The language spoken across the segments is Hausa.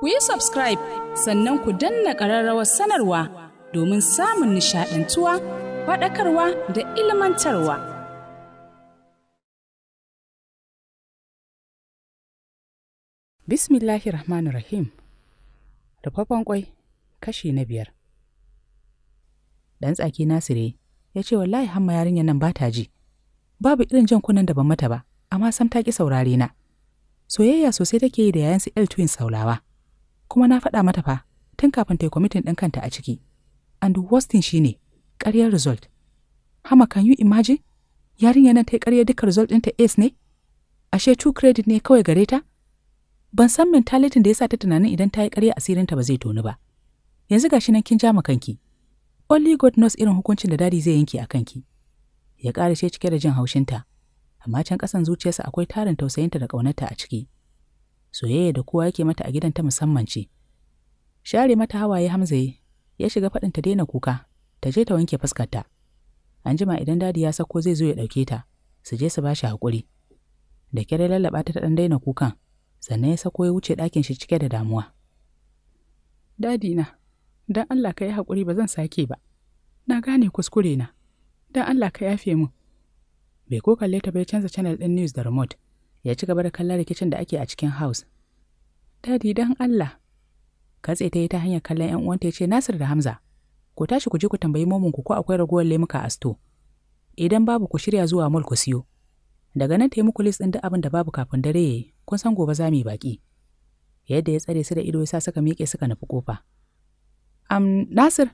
ku yi subscribe sannan ku danna ƙararrawar sanarwa domin samun nishaɗantuwa faɗakarwa da ilmantarwa. Bismillahir Rahmanir Rahim Rufaffen kwai kashi na biyar. Ɗan tsaki Nasire ya ce wallahi hamma yarinya nan ba ta ji. Babu irin jan kunan da ban mata ba, amma sam ta ƙi saurare na. Soyayya sosai take yi da yayan su El Twin Saulawa. kuma na faɗa mata fa tun kafin ta yi kwamitin ɗin kanta a ciki and worst thing shine ƙaryar result hama can you imagine yarinya nan ta yi ƙaryar duka result ɗinta ace ne ashe two credit ne kawai gare ta ban san mentalitin da ya sa ta tunanin idan ta yi ƙarya asirinta ba zai tonu ba yanzu gashi nan kin jama kanki only god knows irin hukuncin da dadi zai yanke a kanki ya ƙara ce cike da jin haushinta amma can ƙasan zuciyarsa akwai tarin tausayinta da ƙaunarta a ciki soyayya da kowa yake mata a gidan ta musamman ce. Share mata hawaye Hamza ya shiga faɗin ta daina kuka, ta je ta wanke fuskarta. jima idan dadi ya sako zai zo ya ɗauke ta, su je su ba shi haƙuri. Da kyar ya lallaɓa ta ta ɗan daina kukan, sannan ya sako ya wuce ɗakin shi cike da damuwa. Dadi na, dan Allah ka yi haƙuri ba zan sake ba. Na gane kuskure na, don Allah ka yafe min. Bai ko kalle ta bai canza channel ɗin news da remote. ya ci gaba da kallon rikicin da ake a cikin Haus. Dadi dan Allah. Katse ta yi ta hanyar kallon 'yan uwanta ya ce Nasir da Hamza, ku tashi ku je ku tambayi momonku ko akwai ragowar lemuka a sto. Idan babu ku shirya zuwa mall ku siyo. Daga nan ta yi muku list ɗin duk abin da babu kafin dare yi, kun san gobe za mu yi baƙi Yadda ya tsare su da ido ya sa suka miƙe suka nufi kofa. Am Nasir,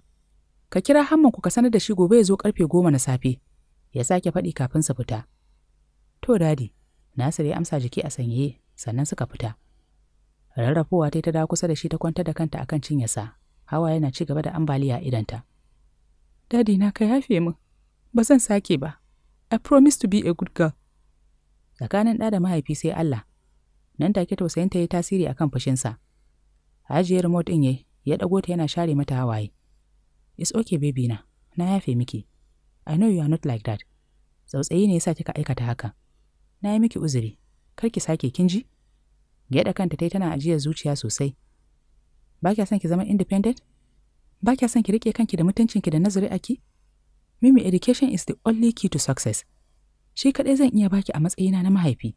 ka kira Hamman ku ka sanar da shi gobe ya zo ƙarfe goma na safe. Ya sake faɗi kafin su fita. To dadi, Nasir ya amsa jiki a sanyaye sannan suka fita. Rarrafowa ta ta dawo kusa da shi ta kwantar da kanta akan cinyarsa, hawa yana ci gaba da ambaliya idanta. Dadi na ka yafe min, ba zan sake ba. I promise to be a good girl. Tsakanin ɗa da mahaifi sai Allah, nan take tausayin ta yi tasiri akan fushinsa. Hajiya remote ɗin yayi, ya ɗago ta yana share mata hawaye. It's okay baby na, na yafe miki. I know you are not like that. Tsautsayi ne yasa kika aikata haka. na yi miki uzuri kar ki sake kin ji gyaɗa kanta tai tana ajiyar zuciya sosai ba kya son ki zama independent ba kya son ki rike kanki da mutuncinki da nazari aki mimi education is the only key to success shi kaɗai zan iya baki a matsayina na mahaifi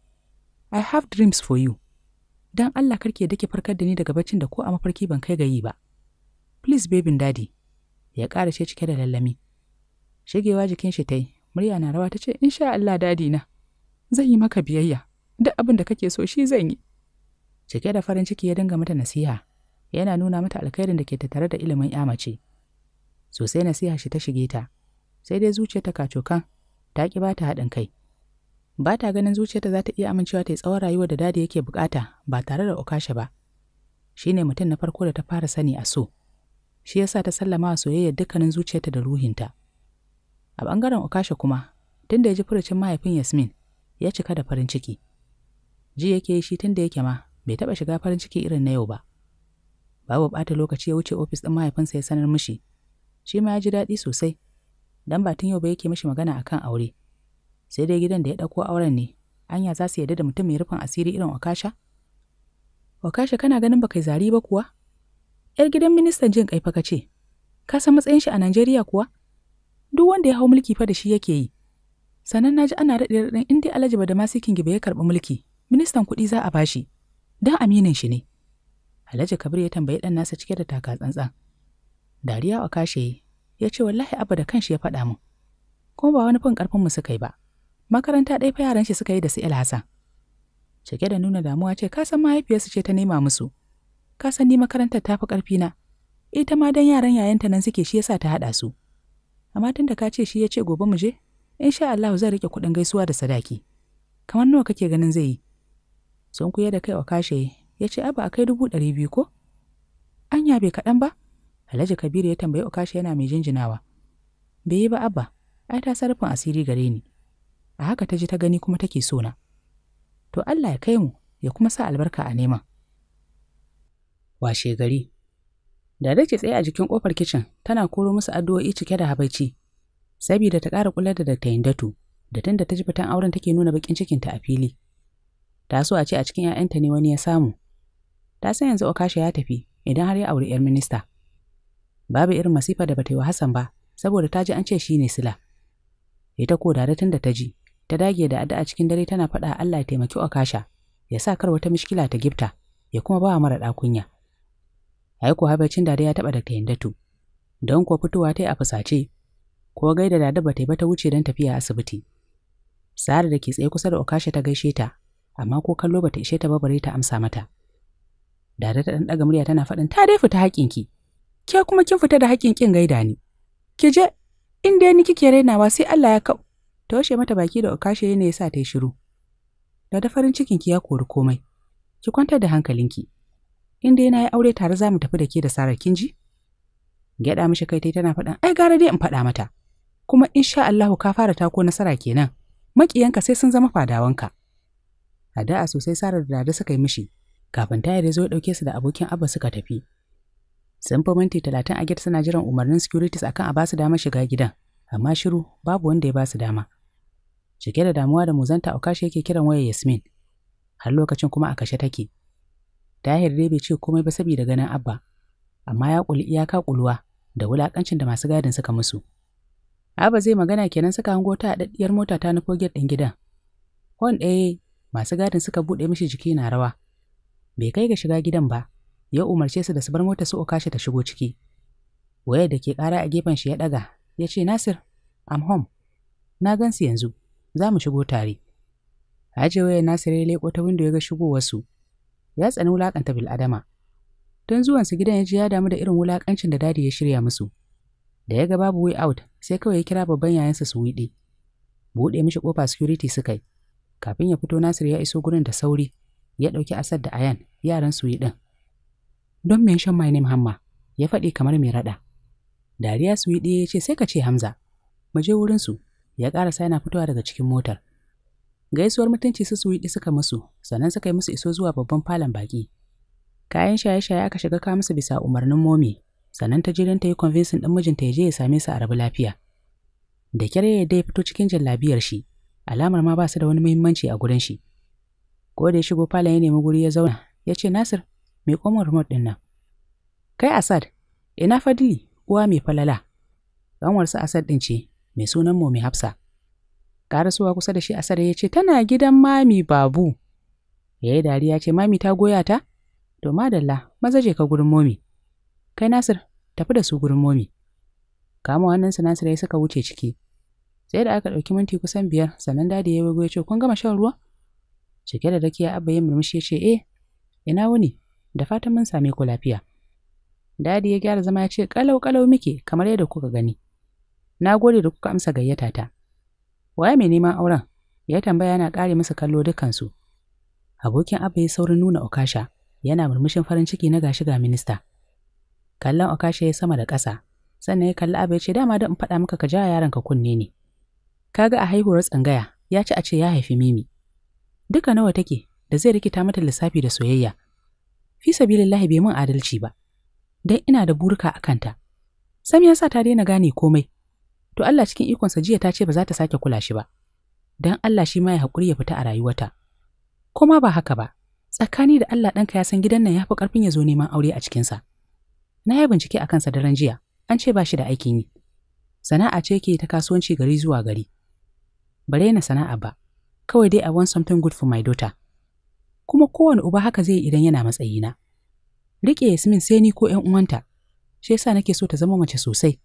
i have dreams for you dan Allah karki da ke farkar da ni daga baccin da ko a mafarki ban kai ga yi ba please bebin daddy ya karace cike da lallami shigewa jikin shi tai murya na rawa ta ce insha Allah dadi na zan yi maka biyayya duk abin da kake so shi zan yi cike da farin ciki ya dinga mata nasiha yana nuna mata alkhairin da ke tattare da ilimin ya mace sosai nasiha shi ta shige ta sai dai zuciyarta kacokan ta ki bata ta haɗin kai ba ta ganin ta za ta iya amincewa ta yi tsawon rayuwar da dadi yake bukata ba tare da okasha ba Shi ne mutum na farko da ta fara sani a so shi yasa ta sallama wa soyayyar dukkanin zuciyarta da ruhinta a bangaren okasha kuma tun da ya ji furucin mahaifin yasmin ya cika da farin ciki. Ji yake shi tun da yake ma bai taɓa shiga farin ciki irin na yau ba. Babu bata lokaci ya wuce ofis ɗin mahaifinsa ya sanar mishi. Shi ma ya ji daɗi sosai, dan ba tun yau ba yake mishi magana akan aure. Sai dai gidan da ya ɗauko auren ne, anya za su yarda da mutum mai rufin asiri irin Okasha? Okasha kana ganin baka zari ba kuwa? ‘Yar gidan ministan jin ƙaifa ka ce, ka san matsayin shi a Najeriya kuwa? Duk wanda ya hau mulki fa da shi yake yi, sannan na ji ana raɗe raɗin in dai alhaji badamasi gibe ya karɓi mulki ministan kuɗi za a bashi dan aminin shi ne alhaji kabir ya tambayi ɗan nasa cike da taka tsantsan dariya a kashe ya ce wallahi abba da kanshi ya faɗa min kuma ba wani fin ƙarfin mu suka yi ba makaranta ɗaya fa yaran shi suka yi da su ilhasa cike da nuna damuwa ce ka san mahaifiyarsu ce ta nema musu ka san ni makarantar ta fi ƙarfi na ita ma dan yaran yayanta nan suke shi yasa ta haɗa su amma tun da ka ce shi ya ce gobe mu je in sha Allah zan rike kuɗin gaisuwa da sadaki kamar nawa kake ganin zai yi sun kuya da kai wa kashe ya ce aba a kai dubu ɗari biyu ko anya bai kaɗan ba alhaji kabiru ya tambayi wa kashe yana mai jinjinawa bai yi ba abba ai ta sarrafin asiri gare ni a haka ta ji ta gani kuma take so na to Allah ya kai mu ya kuma sa albarka a neman washe gari da dace tsaye a jikin kofar kicin tana koro musu addu'o'i cike da habaici saboda ta ƙara kula da Dr. indatu da tunda ta ji fitan auren take nuna bakin cikinta a fili. Ta so a ce a cikin 'ya'yanta ne wani ya samu. Ta san yanzu Okasha ya tafi idan har ya auri 'yar minista. Babu irin masifa da bata yi wa Hassan ba saboda ta ji an ce shi ne sila. Ita ko da tun da ta ji, ta dage da addu'a cikin dare tana faɗa Allah ya taimaki Okasha, ya sa kar wata mishkila ta gifta, ya kuma ba mara ɗakunya. Ai ko habacin da ya taɓa da ta don ko fitowa ta yi a fusace, ko gaida dada ba ta yi ba ta wuce don tafiya asibiti. Sa'ar da ke tsaye kusa da Okasha ta gaishe ta, amma ko kallo ba ta ishe ta ba bare ta amsa mata. Dada ta ɗan ɗaga murya tana faɗin ta dai fita ki. ke kuma kin fita da haƙin kin gaida ni. Ki je, in dai ni kike rainawa sai Allah ya kau. washe mata baki da Okasha ne ya sa ta yi shiru. Dada farin cikin ki ya kori komai. Ki kwantar da hankalinki. In dai na yi aure tare za mu tafi da ke da Sarar kin ji? Gyaɗa mishi kai tai tana faɗin ai gara dai in faɗa mata. kuma in sha Allahu ka fara tako nasara kenan maƙiyanka sai sun zama fadawanka a da'a sosai sarar da da suka yi mishi kafin tayar ya zo dauke su da abokin abba suka tafi sun fi minti talatin a gida suna jiran umarnin securities akan a basu dama shiga gidan amma shiru babu wanda ya basu dama cike da damuwa da muzanta Okashi yake kiran waya Yasmin har lokacin kuma a kashe take Tahir dai bai ce komai ba saboda ganin Abba amma ya kuli iyaka kuluwa da wulakancin da masu gadin suka musu Aba zai magana kenan suka hango ta haɗaɗɗiyar mota ta nufo gate ɗin gidan. Hon ɗaya masu gadin suka buɗe mishi jiki na rawa. Bai kai ga shiga gidan ba, ya umarce su da su bar mota su okashi ta shigo ciki. Wayar da ke ƙara a gefen shi ya ɗaga, ya ce Nasir, I'm home. Na gan su yanzu, za mu shigo tare. Hajiya wayar Nasir ya leƙo ta windo ya ga shigowarsu. Ya tsani wulaƙanta bil'adama. Tun zuwansu gidan ya ji ya damu da irin wulaƙancin da dadi ya shirya musu. Da ya ga babu way out, sai kawai ya kira babban yayansa su wuɗe. buɗe mishi ƙofa security suka yi kafin ya fito nasir ya iso gurin da sauri ya ɗauki asad da ayan yaran su yi ɗin don mention my name hamma ya faɗi kamar mai raɗa dariya su yi ya ce sai ka ce hamza mu je wurinsu ya ƙarasa yana fitowa daga cikin motar gaisuwar mutunci su suwiɗi suka musu sannan suka yi musu iso zuwa babban falon baƙi kayan shaye-shaye aka shiga ka musu bisa umarnin momi sannan ta je don ta yi convincing ɗin mijinta ya je ya same su a rabu lafiya. Da kyar ya ya fito cikin jallabiyar shi, alamar ma ba su da wani muhimmanci a gurin shi. Ko da ya shigo falon ya nemi guri ya zauna, ya ce Nasir, me komon remote ɗin nan? Kai Asad, ina Fadili, uwa mai falala. Ƙanwarsa Asad ɗin ce, mai sunan mu mai Hafsa. Karasowa kusa da shi Asad ya ce, tana gidan mami babu. Ya yi dariya ce, mami ta goya ta? To madalla, maza je ka gurin momi. kai Nasir tafi da su gurin momi kama su Nasir ya suka wuce ciki sai da aka ɗauki minti kusan biyar sannan dadi ya wago ya ce kun gama shan ruwa cike da rakiya abba ya murmushi ya ce eh ina wuni da fatan mun same ku lafiya dadi ya gyara zama ya ce kalau kalau muke kamar yadda kuka gani na gode da kuka amsa gayyata ta waye mai neman auren ya tambaya yana kare masa kallo dukansu abokin abba ya saurin nuna okasha yana murmushin farin ciki na gashi ga minista kallon Okasha ya sama da ƙasa, sannan ya kalli abu ya ce dama da in faɗa maka ka ja yaron kunne ne. Kaga a haihuwar tsangaya ya ci a ce ya haifi Mimi. Duka nawa take da zai rikita mata lissafi da soyayya. Fi sabilillahi bai min adalci ba. Dan ina da burka a kanta. Sam ya sa ta daina gane komai. To Allah cikin ikonsa jiya ta ce ba za ta sake kula shi ba. Dan Allah shi ma ya haƙuri ya fita a Ko Koma ba haka ba, tsakani da Allah ɗanka ya san gidan nan ya fi ƙarfin ya zo neman aure a cikinsa. Na yi bincike a kansa daren jiya, an ce ba shi da aikin yi. Sana'a ce ke ta kasuwanci gari zuwa gari. Bare na sana'a ba, kawai dai I want something good for my daughter. Kuma kowane uba haka zai idan yana na. Rike Yasmin sai ni ko ‘yan uwanta, shi yasa nake so ta zama mace sosai,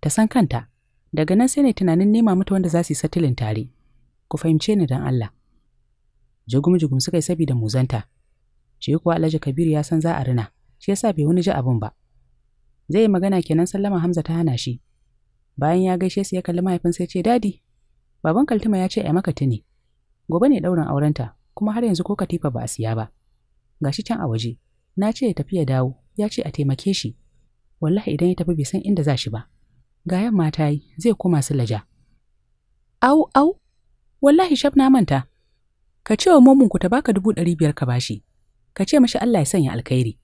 ta san kanta, daga nan sai ne tunanin nema mata wanda za su yi satilin tare. Ku fahimce ni don Allah. Jugum-jugum suka yi sabida muzanta, shi kuwa Alhaji Kabiru ya san za a rina, shi yasa bai wani ji abin ba. zai yi magana kenan sallama Hamza ta hana shi. Bayan ya gaishe su ya kalli mahaifin, ya ce dadi baban Kaltuma ya ce ai maka tuni. Gobe ne daurin aurenta kuma har yanzu ko katifa ba a siya ba. Gashi can a waje na ce ya tafi ya dawo ya ce a taimake shi. Wallahi idan ya tafi bai san inda za shi ba. Ga yamma ta yi zai koma su laja. Au au wallahi shaf na manta. Ka ce wa momin ku ta baka dubu ɗari biyar ka bashi. Ka ce mashi Allah ya sanya alkhairi.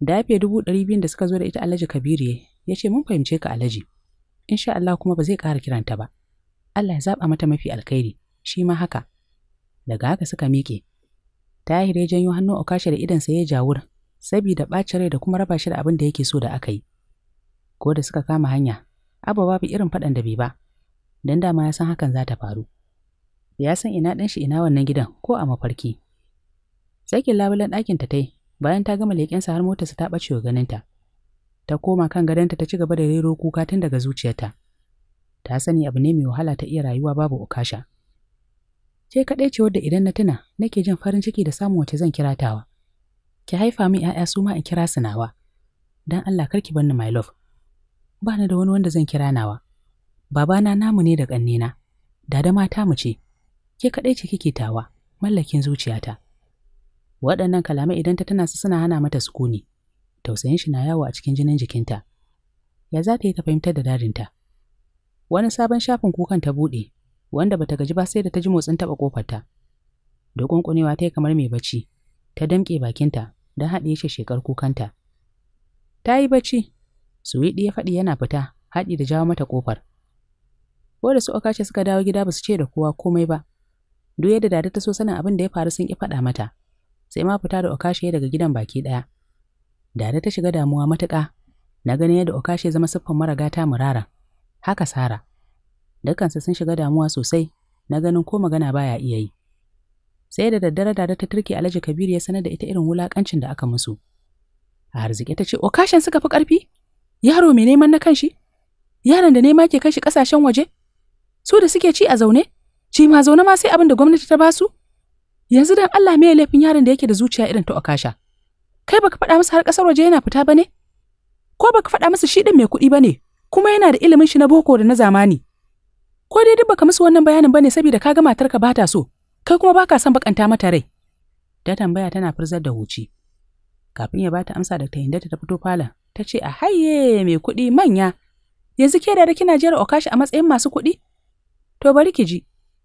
da fiye dubu ɗari biyun da suka zo da ita alhaji kabiru ya ce mun fahimce ka alhaji insha Allah kuma ba zai ƙara kiranta ba Allah ya zaɓa mata mafi alkhairi shi ma haka daga haka suka miƙe tahir ya janyo hannun okashi da idansa ya jawur sabida ɓacin rai da kuma raba shi da abin da yake so da aka yi ko da suka kama hanya abba babu irin faɗan da bai ba don dama ya san hakan za ta faru ya san ina ɗan shi ina wannan gidan ko a mafarki sakin labulen ɗakin ta tai bayan ta gama leƙensa har motarsa ta ɓace wa ganinta ta koma kan gadonta ta ci gaba da rero kuka tun daga zuciyarta ta sani abu ne mai wahala ta iya rayuwa babu ukasha ke kaɗai ce wadda idan na tuna nake jin farin ciki da samun wace zan kira tawa ki haifa min 'ya'ya su ma in kira su nawa dan Allah karki ki bar ni my love ba ni da wani wanda zan kira nawa babana namu ne da ƙannena dada mata mu ce ke kaɗai ce kike tawa mallakin zuciyata waɗannan kalamai idan ta tana su suna hana mata sukuni tausayin shi na yawo a cikin jinin jikinta ya za ta yi ta fahimtar da dadinta wani sabon shafin kukan ta buɗe wanda bata gaji ba sai da ta ji motsin taɓa ƙofarta da ƙunƙunewa ta yi kamar mai bacci ta damƙe bakinta don haɗiye shi shekar kukanta ta yi bacci suwiɗi ya faɗi yana fita haɗi da jawo mata ƙofar ko da su okace suka dawo gida ba su ce da kowa komai ba duk yadda dada ta so sanin abin da ya faru sun ƙi faɗa mata sai ma fita da Okashi daga gidan baki ɗaya. Dada ta shiga damuwa matuƙa, na ganin yadda okashe zama siffar mara gata murara. Haka Sara. Dukkansu sun shiga damuwa sosai, na ganin ko magana baya iya yi. Sai da daddare dada ta turke Alhaji Kabiru ya sanar da ita irin wulakancin da aka musu. A arziki ta ce, "Okashin suka fi ƙarfi? Yaro mai neman na kanshi? Yaron da nema ke kashi ƙasashen waje? Su da suke ci a zaune? Ci ma zaune ma sai abin da gwamnati ta basu?" yanzu dan Allah me laifin yaron da yake da zuciya irin ta okasha kai baka faɗa masa har ƙasar waje yana fita bane ko baka faɗa masa shi ɗin mai kuɗi bane kuma yana da ilimin shi na boko da na zamani ko dai duk baka musu wannan bayanin bane saboda kaga matarka ba ta so kai kuma baka son bakanta mata rai ta tambaya tana furzar da huci kafin ya bata amsa da tayin ta fito falon ta ce a haye mai kuɗi manya yanzu ke da kina jiyar okashi a matsayin masu kuɗi to bari ki ji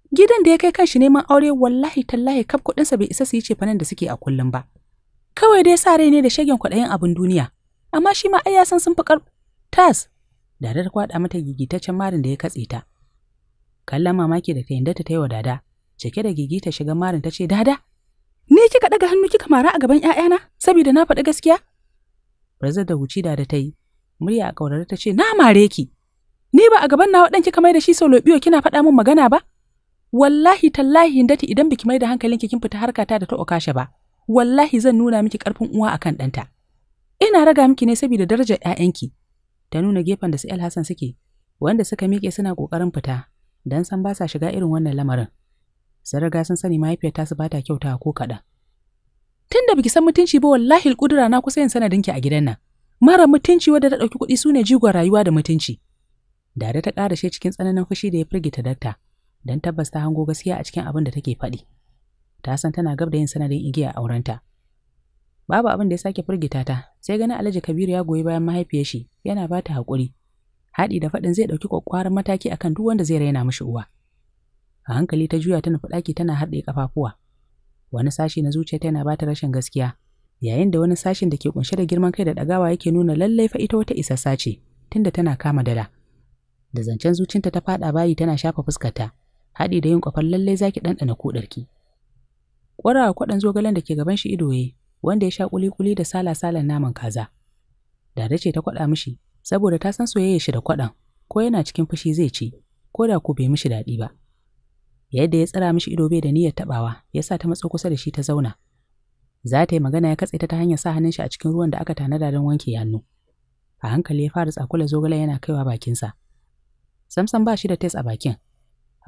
Gidan da ya kai kanshi neman aure wallahi tallahi kaf kuɗinsa bai isa su yi cefanen da suke a kullum ba. Kawai dai sa rai ne da shagen kwaɗayin abin duniya, amma shi ma ai ya san sun fi ƙar... Tas! Dada ta kwaɗa mata gigitaccen marin da ya katse ta. Kallon mamaki da ta yinda ta taiwa dada, cike da gigita shiga marin ta ce, Dada, ni kika ɗaga hannu kika mara a gaban ‘ya'yana saboda na faɗi gaskiya? Barza da huci dada ta yi, murya a ƙaurare ta ce, Na mare ki, ni ba a gaban nawa ɗan kika mai da shi biyo kina faɗa min magana ba? wallahi tallahi dati idan biki mai da hankalinki kin fita ta da ta okashe ba wallahi zan nuna miki karfin uwa akan danta ina raga miki ne saboda daraja ƴaƴanki ta nuna gefen da su El Hassan suke wanda suka miƙe suna ƙoƙarin fita dan san ba sa shiga irin wannan lamarin sai raga sun sani mahaifiyar su ba ta kyauta ko kaɗan tun da biki san mutunci ba wallahi kudura na kusa yin sanadinki a gidan nan mara mutunci wadda ta ɗauki kuɗi sune ne jigon rayuwa da mutunci dada ta ƙarashe cikin tsananin fushi da ya firgita dakta don tabbas ta hango gaskiya a cikin abin da take faɗi. Ta san tana gab da yin sanadin igiya a aurenta. Babu abin da ya sake firgita ta, sai ganin Alhaji Kabiru ya goyi bayan mahaifiyar shi, yana ba ta haƙuri. Haɗi da faɗin zai ɗauki ƙwaƙƙwaran mataki akan duk wanda zai raina mishi uwa. A hankali ta juya ta nufi ɗaki tana haɗe ƙafafuwa. Wani sashi na zuciya tana ba ta rashin gaskiya, yayin da wani sashin da ke kunshe da girman kai da ɗagawa yake nuna lallai fa ita wata isassa ce, tunda tana kama dala. Da zancen zucinta ta faɗa bayi tana shafa fuskarta. haɗi da yin kwafan lallai zaki ɗanɗana kuɗarki. Ƙwarawa kwaɗan zogalen da ke gaban shi ido ye, wanda ya sha kuli-kuli da sala-salan naman kaza. Dada ce ta kwaɗa mishi, saboda ta san soyayya shi da kwaɗan, ko yana cikin fushi zai ci, ko da ku bai mishi daɗi ba. Yadda ya tsara mishi ido bai da niyyar taɓawa, ya sa ta matso kusa da shi ta zauna. Za ta yi magana ya katse ta ta hanyar sa hannun shi a cikin ruwan da aka tanada don wanke hannu. A hankali ya fara tsakula zogalen yana kaiwa bakinsa. Samsam ba shi da tes a bakin,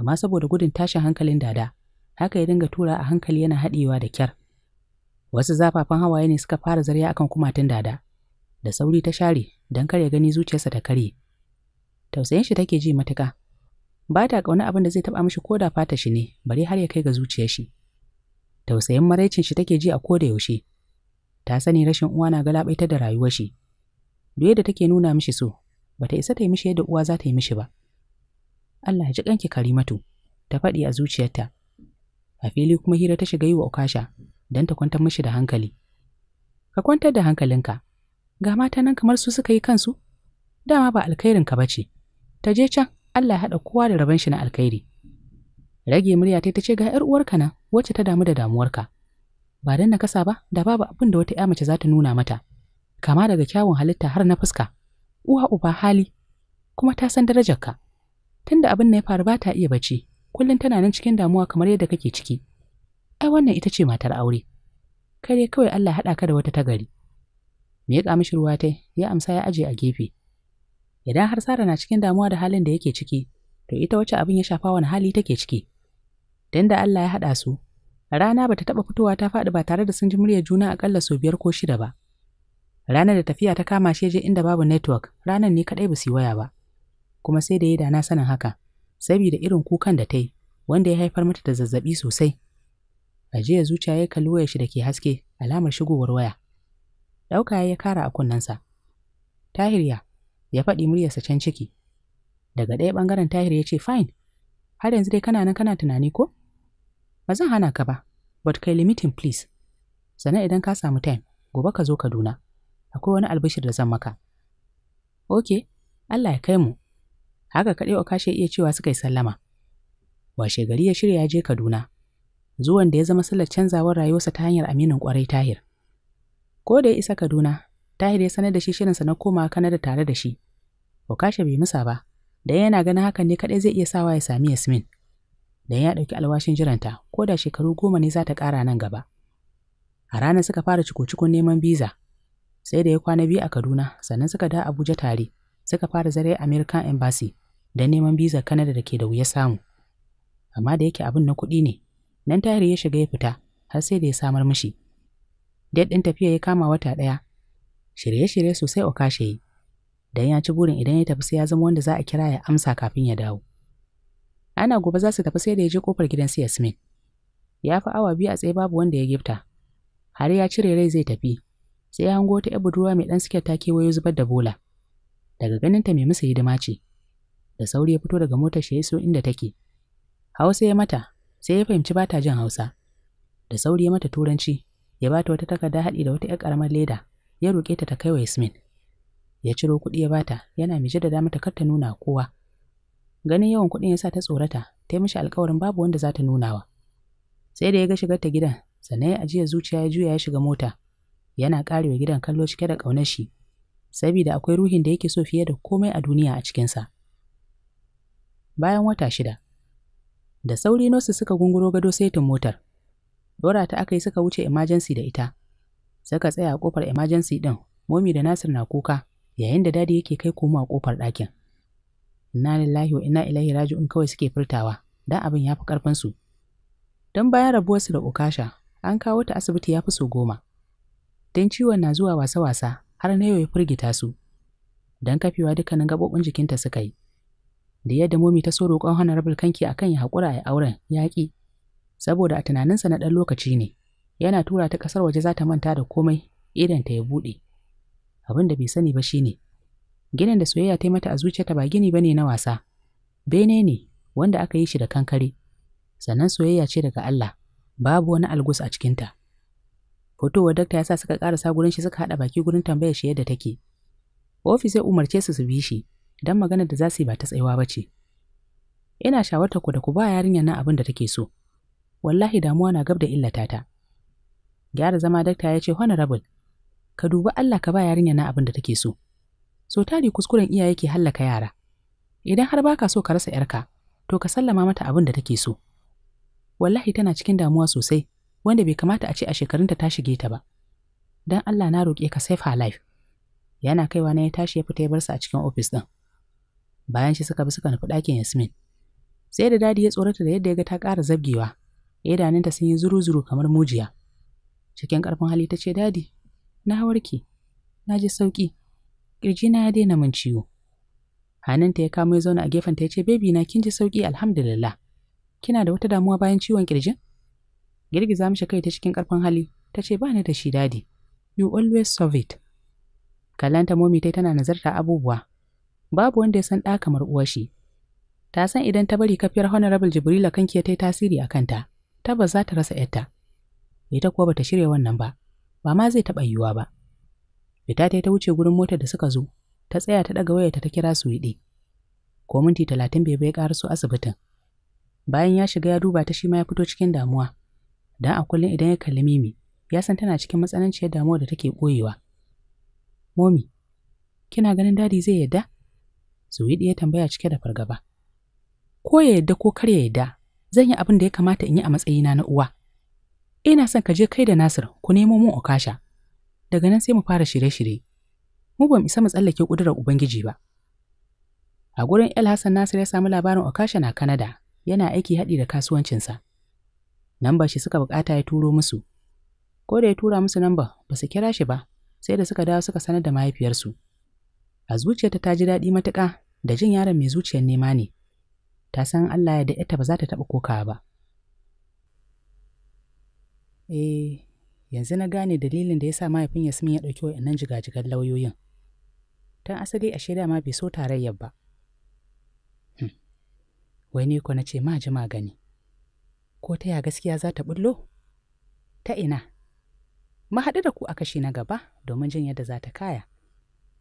amma saboda gudun tashin hankalin dada, haka ya dinga tura a hankali yana haɗewa da kyar. Wasu zafafan hawaye ne suka fara zarya akan kumatun dada, da sauri ta share don karya gani zuciyarsa ta karye. Tausayin shi take ji matuka. Ba ta ƙauna abin da zai taɓa mishi ko da fata shi ne, bari har ya kai ga zuciyar shi. Tausayin maraicin shi take ji a ko da yaushe. Ta sani rashin uwa na galaɓaitar da rayuwar shi. Duk da take nuna mishi so, bata isa ta yi mishi yadda uwa za ta yi mishi ba. Allah ya ji kanki Karimatu, ta faɗi a zuciyarta. A fili kuma hira ta shiga yi wa Ukasha don ta kwantar mishi da hankali. Ka kwantar da hankalinka, ga mata nan kamar su suka yi kansu? Dama ba alkhairinka ba ce, ta je can Allah ya haɗa kowa da rabon shi na alkhairi. Rage murya ta ta ce ga ‘yar uwarka nan wacce ta damu da damuwarka. Ba don na kasa ba, da babu abin da wata ‘ya mace za ta nuna mata, kama daga kyawun halitta har na fuska, uwa uba hali, kuma ta san darajarka. tunda abin na ya faru ba ta iya bacci kullum tana nan cikin damuwa kamar yadda kake ciki ai wannan ita ce matar aure kai kawai Allah haɗa ka da wata ta gari me ya kamishi ruwa tai ya amsa ya aje a gefe idan har Sara na cikin damuwa da halin da yake ciki to ita wace abin ya shafa wani hali take ciki dan da Allah ya haɗa su rana bata taɓa fitowa ta faɗi ba tare da sun ji muryar juna akalla sau biyar ko shida ba ranar da tafiya ta kama shi je inda babu network ranar ne kadai ba su yi waya ba kuma sai da ya dana sanin haka, saboda irin kukan da ta yi, wanda ya haifar mata da zazzabi sosai. Ajiya zuciya ya kalli wayar shi da ke haske alamar shigowar waya. Ɗauka ya kara a kunnensa. Tahir ya, ya faɗi muryarsa can ciki. Daga ɗaya ɓangaren Tahir ya ce, Fine, har yanzu dai kana nan kana tunani ko? Ba zan hana ka ba, but kai limitin please. Sannan idan ka samu time, gobe ka zo Kaduna. Akwai wani albishir da zan maka. Ok, Allah ya kai mu, haka kaɗai ya iya cewa suka yi sallama washe gari ya shirya ya je kaduna zuwan da ya zama sallar canzawar rayuwarsa ta hanyar aminin kwarai tahir ko da ya isa kaduna tahir ya sanar da shi shirinsa na komawa kanada tare da shi okashe bai musa ba da yana ganin hakan ne kaɗai zai iya sawa ya sami yasmin dan ya ɗauki alwashin jiranta ko da shekaru goma ne za ta ƙara nan gaba a ranar suka fara ciko-cikon neman biza sai da ya kwana biyu a kaduna sannan suka da abuja tare suka fara zare american embassy don neman biza Kanada da ke da wuya samu. Amma da yake abin na kuɗi ne, nan tare ya shiga ya fita har sai da ya samar mishi. Dad ɗin tafiya ya kama wata ɗaya. Shirye-shirye sosai o kashe yi, don ya ci burin idan ya tafi sai ya zama wanda za a kira ya amsa kafin ya dawo. Ana gobe za su tafi sai da ya je kofar gidan Siyasmin. Yasmin. Ya fi awa biyu a tsaye babu wanda ya gifta. Har ya cire rai zai tafi, sai ya hango ta 'yar budurwa mai ɗan suke ta kewayo zubar da bola. Daga ganinta mai musu hidima ce, da sauri ya fito daga motar shi ya so inda take hausa ya mata sai ya fahimci ba ta jin hausa da sauri ya mata turanci ya bata wata takarda haɗi da wata 'yar ƙaramar leda ya roƙe ta ta kai wa yasmin ya ciro kuɗi ya bata yana mije da dama ta kar ta nuna kowa ganin yawan kuɗin ya sa ta tsorata ta yi mishi alkawarin babu wanda za ta nunawa sai da ya ga shigar ta gidan sannan ya ajiye zuciya ya juya ya shiga mota yana karewa gidan kallo cike da ƙaunar shi saboda akwai ruhin da yake so fiye da komai a duniya a cikinsa. bayan wata shida. Da sauri nosu suka gunguro gado saitin motar. Dora ta aka yi suka wuce emergency da ita. Suka tsaya a kofar emergency ɗin, momi da Nasir na kuka yayin da dadi yake kai koma a kofar ɗakin. Inna lillahi wa inna ilaihi raji'un kawai suke furtawa, dan abin ya fi karfin su. Don bayan rabuwarsu da Ukasha, an kawo ta asibiti ya fi so goma. Don ciwon na zuwa wasa-wasa har na yau ya firgita su. Dan kafewa dukkanin gaɓoɓin jikinta suka yi. da yadda momi ta so roƙon honorable kanki akan ya haƙura a auren yaƙi saboda a tunaninsa na ɗan lokaci ne yana tura ta ƙasar waje za ta manta da komai idan ta ya buɗe abin da bai sani ba shine ginin da soyayya ta mata a zuciyarta ba gini bane na wasa bene ne wanda aka yi shi da kankare sannan soyayya ce daga Allah babu wani algus a cikinta fitowar dakta ya sa suka ƙarasa gurin shi suka haɗa baki gurin tambayar shi yadda take ofis ya umarce su su bi shi Idan maganar da za su yi ba ta tsayuwa ba ce. Ina shawarta ku da ku ba yarinyar nan abin da take so. Wallahi damuwa na gab da illata ta. Gyara zama dakta ya ce honorable, ka duba Allah ka ba yarinyar nan abin da take so. So tari kuskuren iyaye ke hallaka yara. Idan har baka so ka rasa ‘yarka, to ka sallama mata abin da take so. Wallahi tana cikin damuwa sosai, wanda bai kamata a ce a shekarunta ta shige ta ba. dan Allah na roƙe ka save her life. Yana kaiwa na ya tashi ya fita ya bar su a cikin ofis ɗin. bayan shi suka bi suka nufi ɗakin Yasmin. Sai da dadi ya tsorata da yadda ya ga ta ƙara zabgewa, ta sun yi zuru-zuru kamar mujiya. Cikin ƙarfin hali ta ce dadi, na warke, na ji sauƙi, Ƙirji na ya daina min ciwo. ta ya kamo ya zauna a gefen ta ya ce bebi na kin ji sauƙi alhamdulillah. Kina da wata damuwa bayan ciwon ƙirjin? Girgiza mishi kai ta cikin ƙarfin hali ta ce ba da shi dadi. You always solve it. Kallanta momi tai tana nazarta abubuwa babu wanda ya san ɗa kamar uwar shi. Ta san idan ta bari kafiyar Honorable Jibrila kan ke ta yi tasiri a kanta, tabbas za ta rasa ‘yarta. Ita kuwa bata shirya wannan ba, ba ma zai taɓa yiwuwa ba. Fita ta ta wuce gurin motar da suka zo, ta tsaya ta ɗaga wayarta ta kira su yiɗi. Ko minti talatin bai bai su asibitin. Bayan ya shiga ya duba ta shi ma ya fito cikin damuwa. Dan a kullum idan ya kalli Mimi, ya san tana cikin matsananciyar damuwa da take ɓoyewa. Momi, kina ganin dadi zai yadda? yi ya tambaya cike da fargaba. Ko ya yadda ko kar ya yadda, zan yi abin da ya kamata in yi a matsayina na uwa. Ina son ka je kai da Nasir ku nemo mun Okasha. Daga nan sai mu fara shirye-shirye. Mu bamu isa mu tsallake ƙudurar Ubangiji ba. A gurin El Hassan Nasir ya samu labarin Okasha na Kanada, yana aiki haɗi da kasuwancinsa. Namba shi suka bukata ya turo musu. Ko da ya tura musu namba, ba su kira shi ba, sai da suka dawo suka sanar da mahaifiyarsu. a zuciyarta ta ji daɗi matuƙa da jin yaron mai zuciyar nema ne ta san Allah ya da ita ba za ta taɓa koka ba eh yanzu na gane dalilin da ya sa mahaifin Yasmin ya ɗauki wa'annan jigajigan lauyoyin tun asali a shaida ma bai so tarayyar ba hmm. wai ni ko na ce ma ji gani ko ta ya gaskiya za ta bullo ta ina ma haɗu da ku a kashi na gaba domin jin yadda za ta kaya